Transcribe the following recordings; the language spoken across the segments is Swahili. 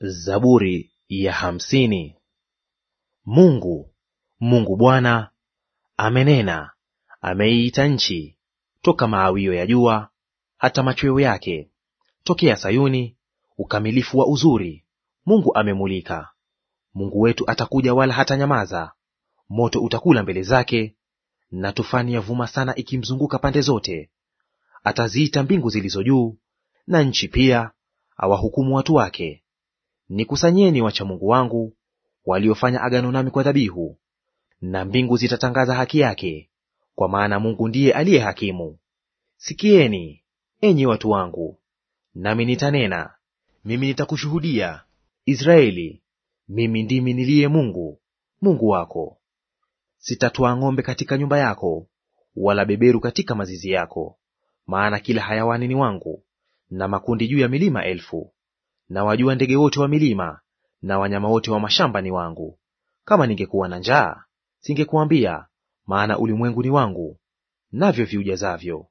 Zaburi ya hamsini. Mungu, Mungu Bwana amenena, ameiita nchi toka maawio ya jua hata machweo yake. Tokea Sayuni ukamilifu wa uzuri, Mungu amemulika. Mungu wetu atakuja, wala hata nyamaza Moto utakula mbele zake, na tufani yavuma sana ikimzunguka pande zote. Ataziita mbingu zilizo juu, na nchi pia, awahukumu watu wake. Nikusanyeni wacha Mungu wangu, waliofanya agano nami kwa dhabihu, na mbingu zitatangaza haki yake, kwa maana Mungu ndiye aliye hakimu. Sikieni enyi watu wangu, nami nitanena; mimi nitakushuhudia. Israeli, mimi ndimi niliye Mungu Mungu wako. Sitatwaa ng'ombe katika nyumba yako, wala beberu katika mazizi yako, maana kila hayawani ni wangu, na makundi juu ya milima elfu na wajua ndege wote wa milima na wanyama wote wa mashamba ni wangu. Kama ningekuwa na njaa, singekuambia, maana ulimwengu ni wangu, navyo viujazavyo.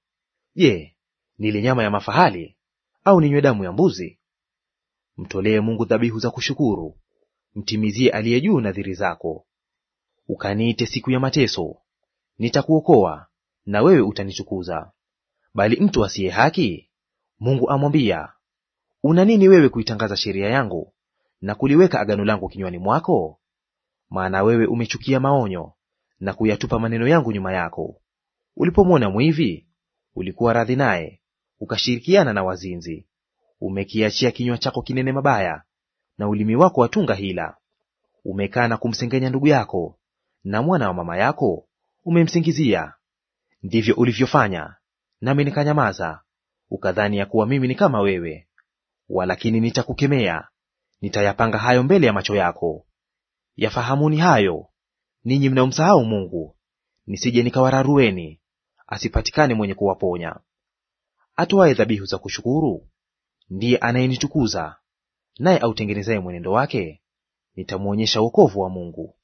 Je, nile nyama ya mafahali au ninywe damu ya mbuzi? Mtolee Mungu dhabihu za kushukuru, mtimizie aliye juu nadhiri zako. Ukaniite siku ya mateso, nitakuokoa, na wewe utanitukuza. Bali mtu asiye haki Mungu amwambia, una nini wewe kuitangaza sheria yangu na kuliweka agano langu kinywani mwako? Maana wewe umechukia maonyo na kuyatupa maneno yangu nyuma yako. Ulipomwona mwivi ulikuwa radhi naye, ukashirikiana na wazinzi. Umekiachia kinywa chako kinene mabaya, na ulimi wako watunga hila. Umekaa na kumsengenya ndugu yako, na mwana wa mama yako umemsingizia. Ndivyo ulivyofanya, nami nikanyamaza, ukadhani ya kuwa mimi ni kama wewe walakini nitakukemea, nitayapanga hayo mbele ya macho yako. Yafahamuni hayo ninyi mnaomsahau Mungu, nisije nikawararueni, asipatikane mwenye kuwaponya. Atoaye dhabihu za kushukuru ndiye anayenitukuza, naye autengenezaye mwenendo wake nitamwonyesha wokovu wa Mungu.